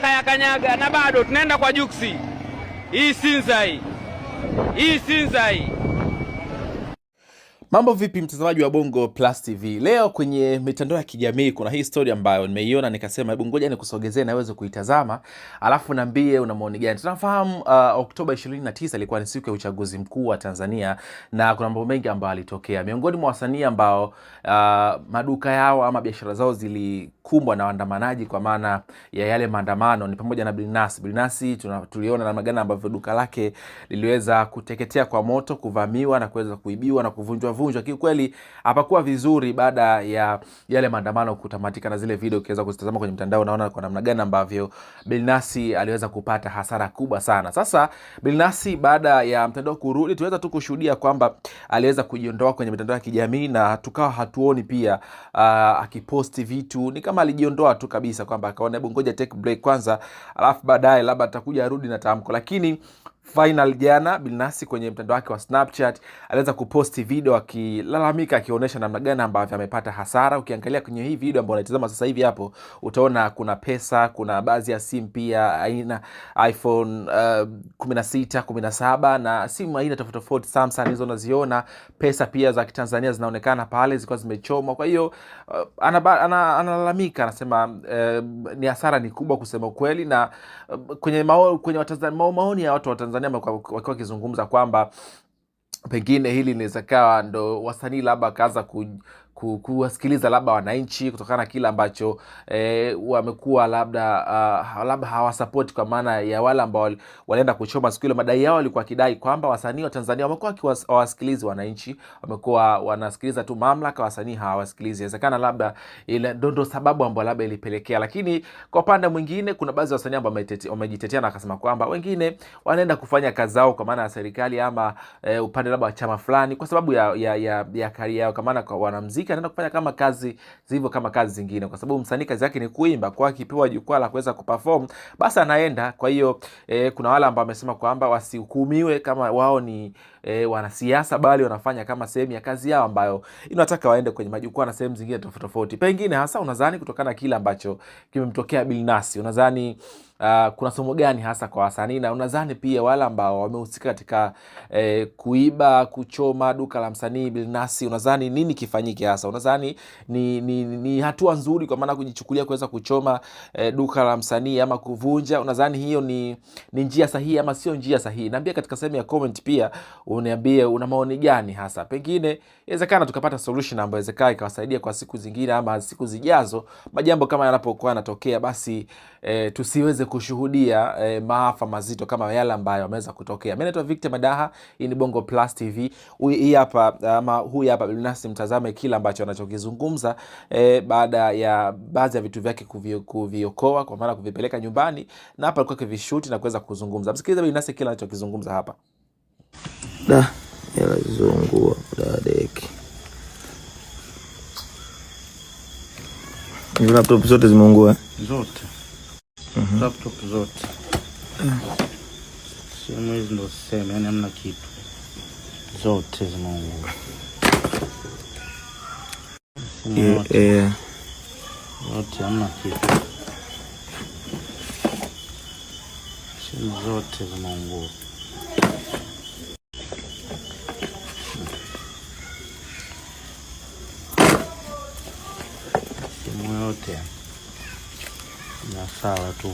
kanyaga na bado tunaenda kwa Juksi. Hii Sinza hii, hii Sinza hii. Mambo vipi mtazamaji wa Bongo Plus TV? Leo kwenye mitandao ya kijamii kuna hii story ambayo nimeiona nikasema hebu ngoja nikusogezee naweze kuitazama, alafu naambie una maoni gani. Tunafahamu uh, Oktoba 29 ilikuwa ni siku ya uchaguzi mkuu wa Tanzania na kuna mambo mengi ambayo alitokea. Miongoni mwa wasanii ambao uh, maduka yao ama biashara zao zilikumbwa na waandamanaji kwa maana ya yale maandamano ni pamoja na Bilnas. Bilnas tuliona namna gani ambavyo duka lake liliweza kuteketea kwa moto, kuvamiwa na kuweza kuibiwa na kuvunjwa yalivunjwa. Kiukweli hapakuwa vizuri baada ya yale maandamano kutamatika, na zile video ukiweza kuzitazama kwenye mtandao unaona kwa namna gani ambavyo Bilnasi aliweza kupata hasara kubwa sana. Sasa Bilnasi baada ya mtandao kurudi, tuweza tu kushuhudia kwamba aliweza kujiondoa kwenye mitandao ya kijamii na tukawa hatuoni pia uh, akiposti vitu, ni kama alijiondoa tu kabisa, kwamba akaona hebu ngoja take break kwanza, alafu baadaye labda atakuja arudi na tamko, lakini Final jana Bilnasi kwenye mtandao wake wa Snapchat aliweza kuposti video akilalamika, akionyesha namna gani ambavyo amepata hasara. Ukiangalia kwenye hii video ambayo unaitazama sasa hivi hapo, utaona kuna pesa, kuna baadhi ya simu pia aina iPhone uh, 16, 17 na simu aina tofauti tofauti Samsung hizo unaziona. Pesa pia za Kitanzania zinaonekana pale zikiwa zimechomwa. Kwa hiyo uh, analalamika, ana, anasema uh, ni hasara ni kubwa kusema kweli, na uh, kwenye mao, kwenye watazamaji maoni ya watu wa Tanzania Tanzania wakiwa wakizungumza kwamba pengine hili linaweza kawa ndo wasanii labda wakaanza kuwasikiliza labda wananchi kutokana na kile ambacho e, wamekuwa labda uh, labda hawasapoti kwa maana ya wale ambao walienda kuchoma siku ile. Madai yao walikuwa kidai kwamba wasanii wa Tanzania wamekuwa hawasikilizi wananchi, wamekuwa wanasikiliza tu mamlaka, wasanii hawasikilizi. Inawezekana labda ile ndondo sababu ambayo labda ilipelekea, lakini kwa upande mwingine kuna baadhi ya wasanii ambao wamejitetea na wakasema kwamba wengine wanaenda kufanya kazi zao kwa maana ya serikali ama e, upande labda wa chama fulani kwa sababu ya ya, ya, ya kari yao kwa maana kwa wanamuziki msanii anaenda kufanya kama kazi zivyo kama kazi zingine, kwa sababu msanii kazi yake ni kuimba, kwa akipewa jukwaa la kuweza kuperform basi anaenda. Kwa hiyo eh, kuna wale ambao wamesema kwamba wasihukumiwe kama wao ni e, wanasiasa, bali wanafanya kama sehemu ya kazi yao ambayo inataka waende kwenye majukwaa na sehemu zingine tofauti tofauti. Pengine hasa unadhani kutokana na kile ambacho kimemtokea Bilnasi, unadhani Uh, kuna somo gani hasa kwa wasanii na unadhani pia wale ambao wamehusika katika eh, kuiba kuchoma duka la msanii Bilnasi, unadhani nini kifanyike hasa? Unadhani ni, ni, ni hatua nzuri kwa maana kujichukulia kuweza kuchoma eh, duka la msanii ama kuvunja, unadhani hiyo ni, ni njia sahihi ama sio njia sahihi? Naambia katika sehemu ya comment pia uniambie una maoni gani hasa. Pengine inawezekana tukapata solution ambayo inawezekana ikawasaidia kwa siku zingine ama siku zijazo, majambo kama yanapokuwa yanatokea, basi e, tusiweze kushuhudia e, maafa mazito kama yale ambayo yameweza kutokea. Mimi naitwa Victor Madaha, hii ni Bongo Plus TV. Hii hapa ama huyu hapa Bilnass, mtazame kila ambacho anachokizungumza e, baada ya baadhi ya vitu vyake kuviokoa kwa maana kuvipeleka nyumbani, na hapa alikuwa kivishuti na kuweza kuzungumza. Msikilize Bilnass kila anachokizungumza hapa. Da, hela zizungua dadeki. Hizo laptop zote zimeungua? Eh? Zote. Mm-hmm. Laptop zote. Simu hizi ndo sema, yani hamna kitu. Zote zimeungua. Zote hamna kitu. Simu zote zimeungua. na sala tô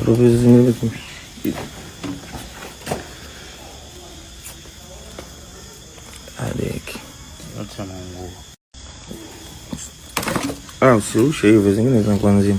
Arabizini ah, o Hadi Al seu cheio, vizinho, né? Quando assim.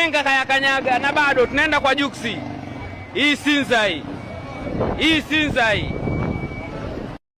Nenga kayakanyaga na bado tunaenda kwa Juksi. Hii Sinza hii. Hii Sinza hii.